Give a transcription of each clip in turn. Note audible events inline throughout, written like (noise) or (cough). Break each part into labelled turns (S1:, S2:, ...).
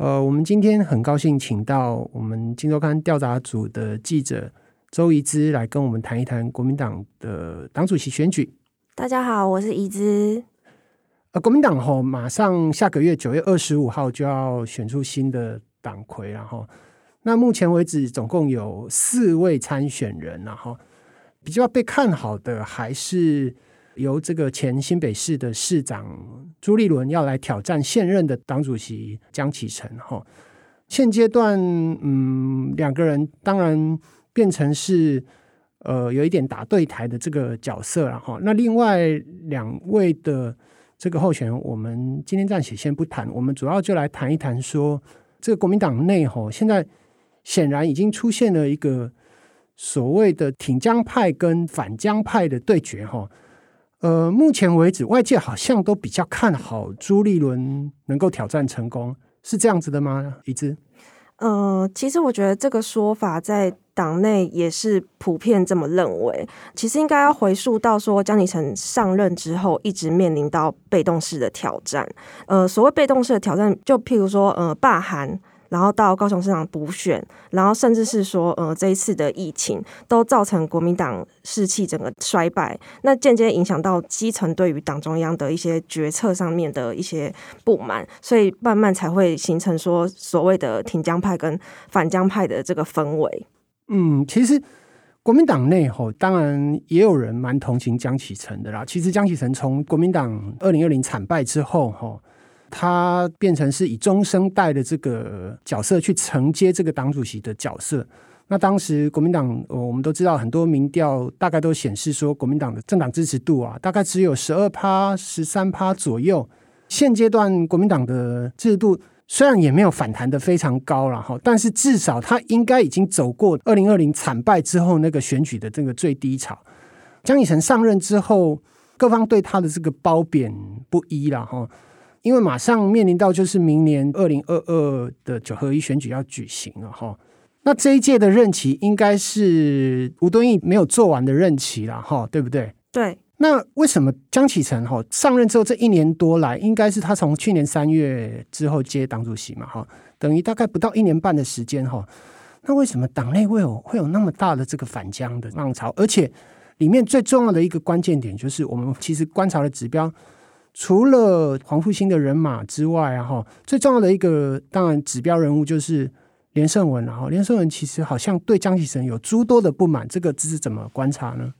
S1: 呃，我們今天很高興請到我們《鏡週刊》調查組的記者周怡之來跟我們談一談國民黨的黨主席選舉。
S2: 大家好，我是怡之。
S1: 呃，國民黨哈、哦，馬上下個月九月二十五號就要選出新的黨魁，然哈、哦。那目前為止，總共有四位參選人、哦，然後比較被看好的還是，由這個前新北市的市長朱立倫要來挑戰現任的黨主席江啟臣哈，現階段嗯兩個人當然變成是呃有一點打對台的這個角色，然後那另外兩位的這個候選人我們今天暫且先不談，我們主要就來談一談說這個國民黨內吼現在顯然已經出現了一個所謂的挺江派跟反江派的對決吼。呃，目前為止，外界好像都比較看好朱立倫能夠挑戰成功，是這樣子的嗎？
S2: 呃，其實我覺得這個說法在黨內也是普遍這麼認為。其實應該要回溯到說，江啟臣上任之後，一直面臨到被動式的挑戰。呃，所謂被動式的挑戰，就譬如說，呃，罷韓。然後到高雄市長補選，然後甚至是說，呃，這一次的疫情都造成國民黨士氣整個衰敗，那間接影響到基層對於黨中央的一些決策上面的一些不滿，所以慢慢才會形成說所謂的挺江派跟反江派的這個氛圍。
S1: 嗯，其實國民黨內吼，當然也有人蠻同情江啟臣的啦。其實江啟臣從國民黨二零二零慘敗之後吼。他變成是以中生代的這個角色去承接這個黨主席的角色。那當時國民黨、哦，我們都知道很多民調，大概都顯示說，國民黨的政黨支持度啊，大概只有十二趴、十三趴左右。現階段國民黨的支持度雖然也沒有反彈的非常高了哈，但是至少他應該已經走過二零二零慘敗之後那個選舉的這個最低潮。江啟臣上任之後，各方對他的這個褒貶不一了哈。因為馬上面臨到就是明年二零二二的九合一選舉要舉行了哈、哦，那這一屆的任期應該是吳敦義沒有做完的任期了哈，對不對？對。那為什麼江啟臣哈、哦、上任之後這一年多來，應該是他從去年三月之後接黨主席嘛哈、哦，等於大概不到一年半的時間哈、哦，那為什麼黨內會有會有那麼大的這個反江的浪潮？而且裡面最重要的一個關鍵點就是，我們其實觀察的指標。除了黃復興的人馬之外，啊，最重要的一個當然指標人物就是連勝文，啊，然後連勝文其實好像對江啟臣有諸多的不滿，這個字是怎麼觀察呢？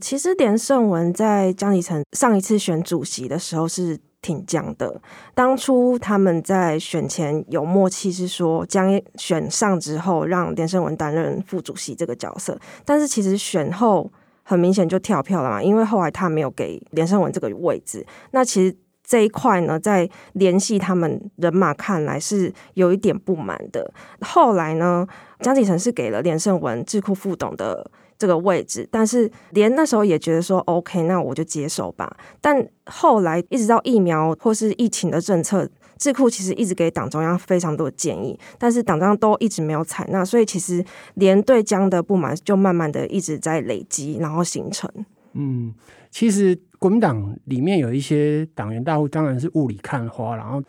S2: 其實連勝文在江啟臣上一次選主席的時候是挺江的，當初他們在選前有默契是說，江選上之後讓連勝文擔任副主席這個角色，但是其實選後。很明顯就跳票了嘛，因為後來他沒有給連勝文這個位置。那其實這一塊呢，在聯系他們人馬看來是有一點不滿的。後來呢，江啟臣是給了連勝文智庫副董的這個位置，但是連那時候也覺得說 OK，那我就接受吧。但後來一直到疫苗或是疫情的政策。智庫其實一直給黨中央非常多建議，但是黨中央都一直沒有採納，所以其實連對江的不滿就慢慢的一直在累積，然後形成。
S1: 嗯，其實國民黨裡面有一些黨員大戶，當然是霧裡看花。然後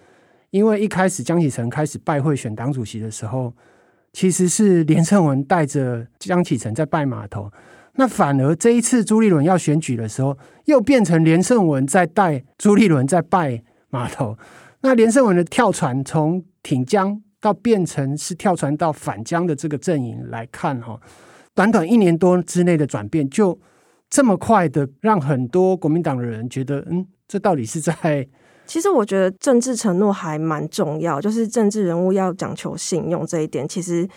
S1: 因為一開始江啟臣開始拜會選黨主席的時候，其實是連勝文帶着江啟臣在拜碼頭。那反而這一次朱立倫要選舉的時候，又變成連勝文在帶朱立倫在拜碼頭。那連勝文的跳船，從挺江到變成是跳船到反江的這個陣營來看，哦，哈，短短一年多之內的轉變，就這麼快的
S2: 讓很多國民黨的人覺得，嗯，這到底是在……其實我覺得政治承諾還蠻重要，就是政治人物要講求信用這一點，其實。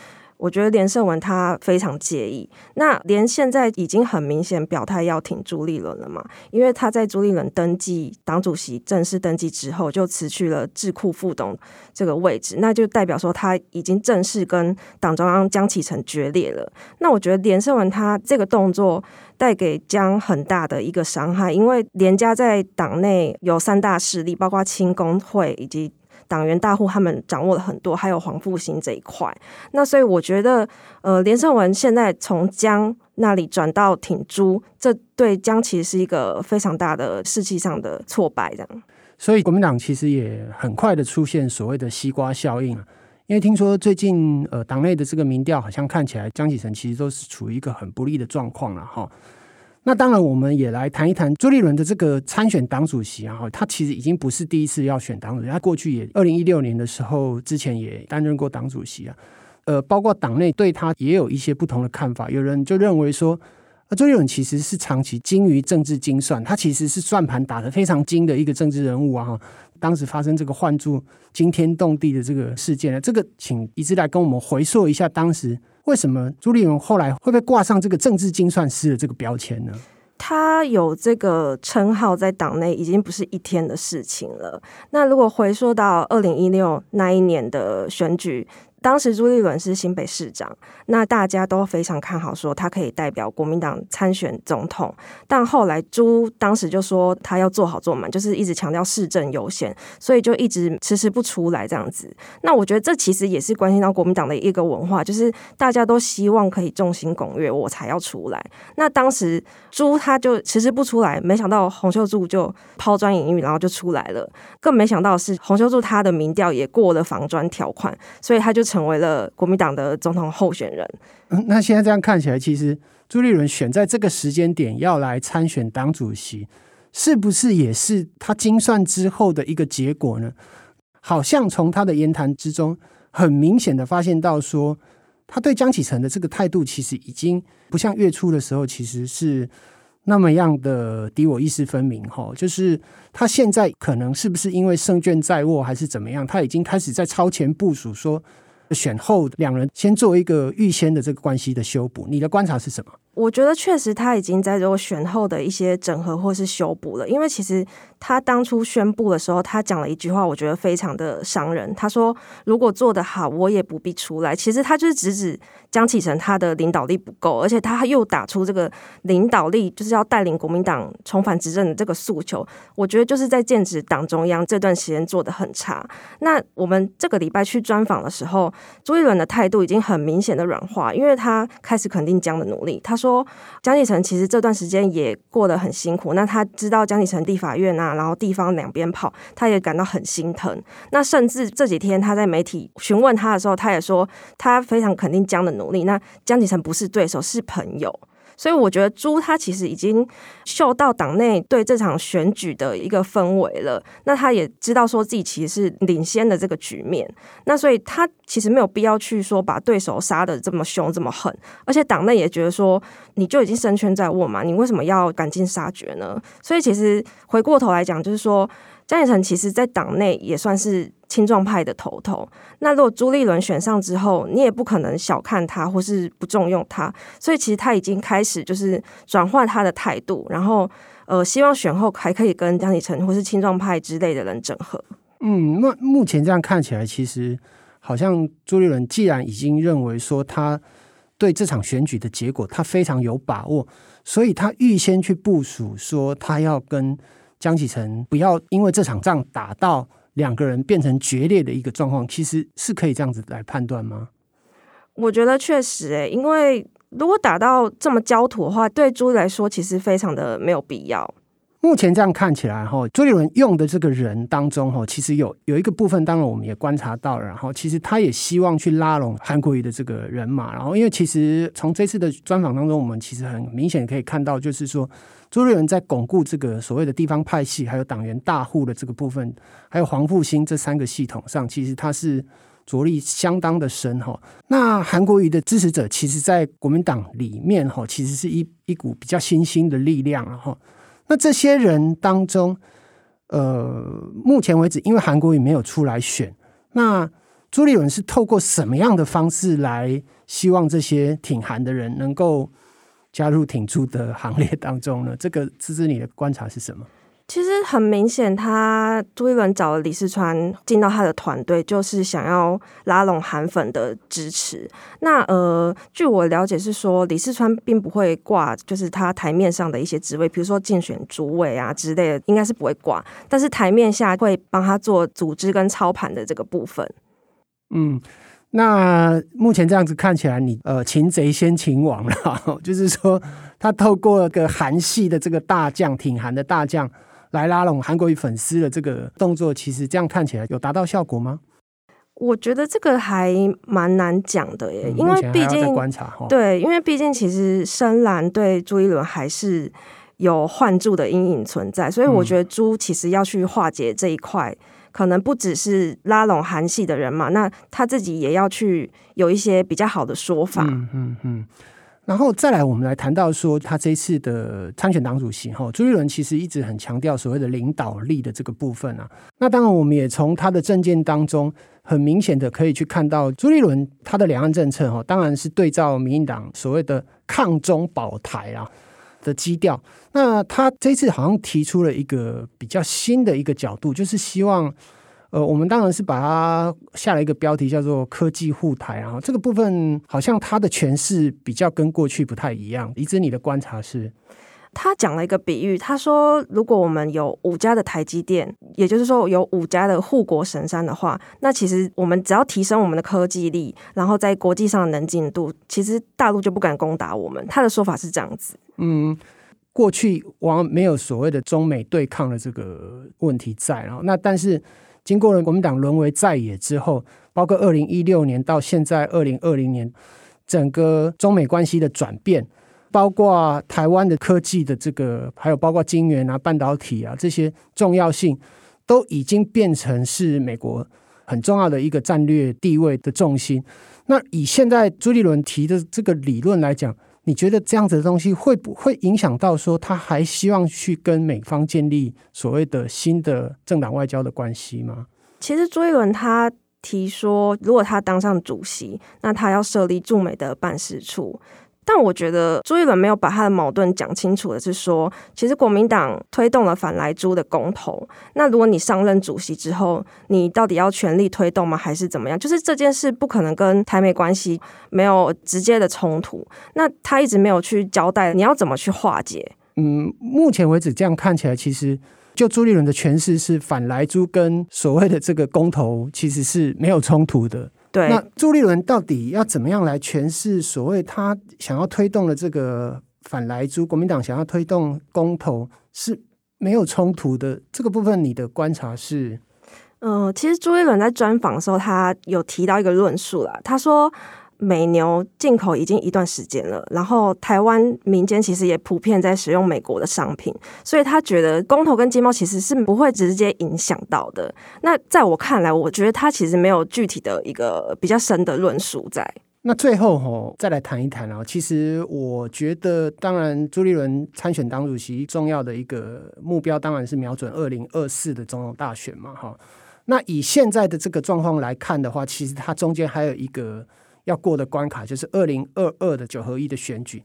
S2: 我覺得連勝文他非常介意，那連現在已經很明顯表態要挺朱立倫了嘛，因為他在朱立倫登記黨主席正式登記之後，就辭去了智庫副董這個位置，那就代表說他已經正式跟黨中央江啟臣決裂了。那我覺得連勝文他這個動作帶給江很大的一個傷害，因為連家在黨內有三大勢力，包括青工會以及。黨員大戶他們掌握了很多，還有黃復興這一塊。那所以我覺得，呃，連勝文現在從江那裡轉到挺朱，這對江其實是一個非常大的士氣上的挫敗，這樣。
S1: 所以國民黨其實也很快的出現所謂的西瓜效應。嗯。因為聽說最近呃黨內的這個民調好像看起來江啟臣其實都是處於一個很不利的狀況了，哈。那當然，我們也來談一談朱立倫的這個參選黨主席啊！他其實已經不是第一次要選黨主席，他過去也二零一六年的時候之前也擔任過黨主席啊。呃，包括黨內對他也有一些不同的看法，有人就認為說，朱立倫其實是長期精於政治精算，他其實是算盤打得非常精的一個政治人物啊！當時發生這個換柱驚天動地的這個事件呢，這個請一直來跟我們回溯一下當時。為什麼朱立倫後來會被掛上這個政治精算師的這個標籤呢？
S2: 他有這個稱號在黨內已經不是一天的事情了。那如果回溯到二零一六那一年的選舉。當時朱立倫是新北市長，那大家都非常看好，說他可以代表國民黨參選總統。但後來朱當時就說他要做好做滿，就是一直強調市政優先，所以就一直遲遲不出來這樣子。那我覺得這其實也是關係到國民黨的一個文化，就是大家都希望可以眾星拱月，我才要出來。那當時朱他就遲遲不出來，沒想到洪秀柱就拋磚引玉，然後就出來了。更沒想到的是，洪秀柱他的民調也過了防磚條款，所以他就。成為了國民黨的總統候選人，
S1: 嗯。那現在這樣看起來，其實朱立倫選在這個時間點要來參選黨主席，是不是也是他精算之後的一個結果呢？好像從他的言談之中，很明顯的發現到說，他對江啟臣的這個態度，其實已經不像月初的時候，其實是那麼樣的敵我意識分明，哦。哈，就是他現在可能是不是因為勝券在握，還是怎麼樣，他已經開始在超前部署說，選後兩人先做一個預先的這個關係的修補，你的觀察是什麼？
S2: 我覺得確實他已經在做選後的一些整合或是修補了，因為其實他當初宣布的時候，他講了一句話，我覺得非常的傷人。他說：“如果做得好，我也不必出來。”其實他就是直指江啟臣，他的領導力不夠，而且他又打出這個領導力就是要帶領國民黨重返執政的這個訴求。我覺得就是在劍指黨中央這段時間做得很差。那我們這個禮拜去專訪的時候，朱立倫的態度已經很明顯的軟化，因為他開始肯定江的努力。他說，江啟臣其實這段時間也過得很辛苦。那他知道江啟臣立法院啊，然後地方兩邊跑，他也感到很心疼。那甚至這幾天他在媒體詢問他的時候，他也說他非常肯定江的努力。那江啟臣不是對手，是朋友。所以我覺得朱他其實已經嗅到黨內對這場選舉的一個氛圍了，那他也知道說自己其實是領先的這個局面。那所以他其實沒有必要去說把對手殺得這麼凶這麼狠，而且黨內也覺得說你就已經勝券在握嘛，你為什麼要趕盡殺絕呢？所以其實回過頭來講，就是說江啟臣其實在黨內也算是。青壯派的頭頭，那如果朱立倫選上之後，你也不可能小看他或是不重用他，所以其實他已經開始就是轉換他的態度，然後呃，希望選後還可以跟江啟臣或是青壯派之類的人整合。
S1: 嗯，那目前這樣看起來，其實好像朱立倫既然已經認為說他對這場選舉的結果他非常有把握，所以他預先去部署說他要跟江啟臣不要因為這場仗打到。兩個人變成決裂的一個狀況，其實是可以這樣子來判斷嗎？
S2: 我覺得確實誒、欸，因為如果打到這麼焦土的話，對朱來說其實非常的沒有必要。
S1: 目前這樣看起來，哈，朱立倫用的這個人當中，哈，其實有有一個部分，當然我們也觀察到了，然後其實他也希望去拉攏韓國瑜的這個人馬，然後因為其實從這次的專訪當中，我們其實很明顯可以看到，就是說朱立倫在鞏固這個所謂的地方派系，還有黨員大戶的這個部分，還有黃復興這三個系統上，其實他是着力相當的深，哈。那韓國瑜的支持者，其實，在國民黨裡面，哈，其實是一一股比較新興的力量，哈。那這些人當中，呃，目前為止，因為韓國瑜沒有出來選，那朱立倫是透過什麼樣的方式來希望這些挺韓的人能夠加入挺朱的行列當中呢？這個，這是你的觀察是什麼？
S2: 其實很明顯他，他朱立倫找了李四川進到他的團隊，就是想要拉攏韓粉的支持。那呃，據我了解是說，李四川並不會掛，就是他台面上的一些職位，譬如說競選主委啊之類的，應該是不會掛。但是台面下會幫他做組織跟操盤的這個部分。
S1: 嗯，那目前這樣子看起來你，你呃，擒賊先擒王了， (laughs) 就是說他透過個韓系的這個大將，挺韓的大將。來拉攏韓國瑜粉絲的這個動作，其實這樣看起來有達到效果嗎？
S2: 我覺得這個還蠻難講的耶，嗯、因為畢竟對，哦、因為畢竟其實深藍對朱立倫還是有換柱的陰影存在，所以我覺得朱其實要去化解這一塊，嗯、可能不只是拉攏韓系的人嘛，那他自己也要去有一些比較好的說法。嗯
S1: 嗯。嗯嗯然後再來，我們來談到說他這次的參選黨主席哈、哦，朱立倫其實一直很強調所謂的領導力的這個部分啊。那當然，我們也從他的政見當中很明顯的可以去看到，朱立倫他的兩岸政策哈、哦，當然是對照民進黨所謂的抗中保台啊的基調。那他這次好像提出了一個比較新的一個角度，就是希望。呃，我們當然是把它下了一個標題，叫做“科技護台”。然後這個部分好像它的詮釋比較跟過去不太一樣。以至你的觀察是？
S2: 他講了一個比喻，他說，如果我們有五家的台積電，也就是說有五家的護國神山的話，那其實我們只要提升我們的科技力，然後在國際上的能進度，其實大陸就不敢攻打我們。他的說法是這樣子。
S1: 嗯，過去往往沒有所謂的中美對抗的這個問題在，然後那但是。經過了國民黨淪為在野之後，包括二零一六年到現在二零二零年，整個中美關係的轉變，包括台灣的科技的這個，還有包括晶圓啊、半導體啊這些重要性，都已經變成是美國很重要的一個戰略地位的重心。那以現在朱立倫提的這個理論來講，你覺得這樣子的東西會不會影響到說，他還希望去跟美方建立所謂的新的政黨外交的關
S2: 係嗎？其實朱立倫他提說，如果他當上主席，那他要設立駐美的辦事處。但我覺得朱立倫沒有把他的矛盾講清楚的是說，其實國民黨推動了反萊豬的公投，那如果你上任主席之後，你到底要全力推動嗎？還是怎麼樣？就是這件事不可能跟台美關係沒有直接的衝突，那他一直沒有去交代，你要怎麼去化解？
S1: 嗯，目前為止這樣看起來，其實就朱立倫的詮釋是反萊豬跟所謂的這個公投其實是沒有衝突的。對，那朱立倫到底要怎麼樣來詮釋所謂他想要推動的這個反萊豬國民黨想要推動公投是沒有衝突的這個部分？你的觀察是？
S2: 嗯，其實朱立倫在專訪的時候，他有提到一個論述啦，他說。美牛進口已經一段時間了，然後台灣民間其實也普遍在使用美國的商品，所以他覺得公投跟經貿其實是不會直接影響到的。那在我看來，我覺得他其實沒有具體的一個比較深的論述在。
S1: 那最後吼，再來談一談啊，其實我覺得，當然朱立倫參選黨主席重要的一個目標當然是瞄準二零二四的總統大選嘛，哈。那以現在的這個狀況來看的話，其實他中間還有一個。要過的關卡就是二零二二的九合一的選舉。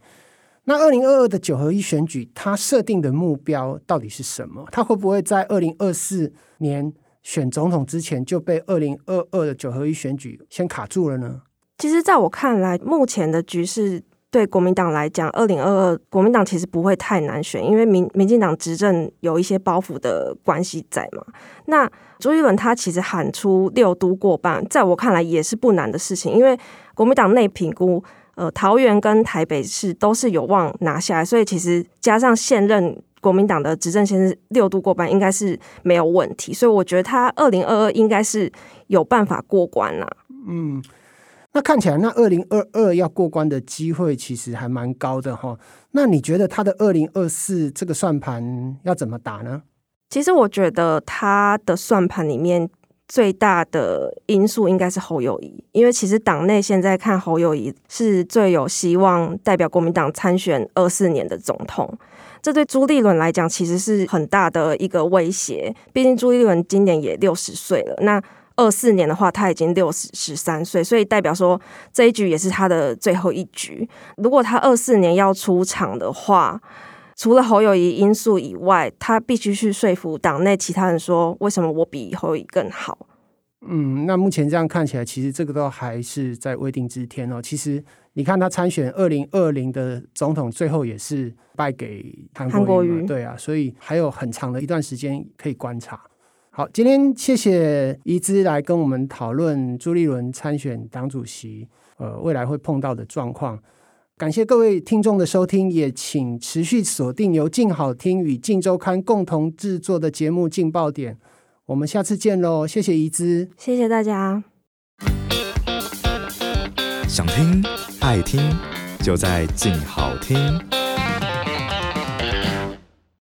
S1: 那二零二二的九合一選舉，它設定的目標到底是什麼？它會不會在二零二四年選總統之前就被二零二二的九合一選舉先卡住了呢？
S2: 其實，在我看來，目前的局勢。對國民黨來講，二零二二國民黨其實不會太難選，因為民民進黨執政有一些包袱的關係在嘛。那朱立倫他其實喊出六都過半，在我看來也是不難的事情，因為國民黨內評估，呃，桃園跟台北市都是有望拿下，所以其實加上現任國民黨的執政，先生，六都過半應該是沒有問題，所以我覺得他二零二二應該是有辦法過關了、
S1: 啊。嗯。那看起來，那二零二二要過關的機會其實還蠻高的哈。那你覺得他的二零二四這個算盤要怎麼打呢？
S2: 其實我覺得他的算盤裡面最大的因素應該是侯友宜，因為其實黨內現在看侯友宜是最有希望代表國民黨參選二四年的總統。這對朱立倫來講，其實是很大的一個威脅。畢竟朱立倫今年也六十歲了，那。二四年的話，他已經六十三歲，所以代表說這一局也是他的最後一局。如果他二四年要出場的話，除了侯友宜因素以外，他必須去說服黨內其他人說，為什麼我比侯友宜更好？
S1: 嗯，那目前這樣看起來，其實這個都還是在未定之天哦。其實你看他參選二零二零的總統，最後也是敗給韓國瑜，韓國瑜，對啊，所以還有很長的一段時間可以觀察。好，今天謝謝宜之來跟我們討論朱立倫參選黨主席，呃，未來會碰到的狀況。感謝各位聽眾的收聽，也請持續鎖定由鏡好聽與鏡週刊共同制作的節目《鏡爆點》，我們下次見嘍！謝謝宜之，
S2: 謝謝大家。想聽愛聽就在鏡好聽。